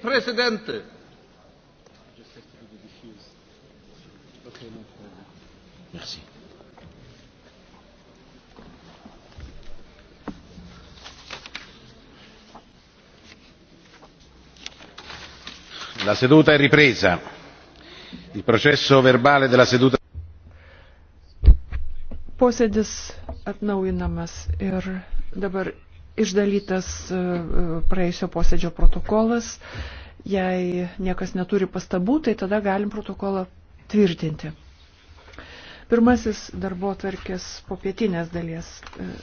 Präsidente! Merci. La seduta è ripresa. Il processo verbale della seduta. Posėdis atnaujinamas ir dabar išdalytas e, e, praėjusio posėdžio protokolas. Jei niekas neturi pastabų, tai tada galim protokolą tvirtinti. Pirmasis darbo tvarkės popietinės dalies e,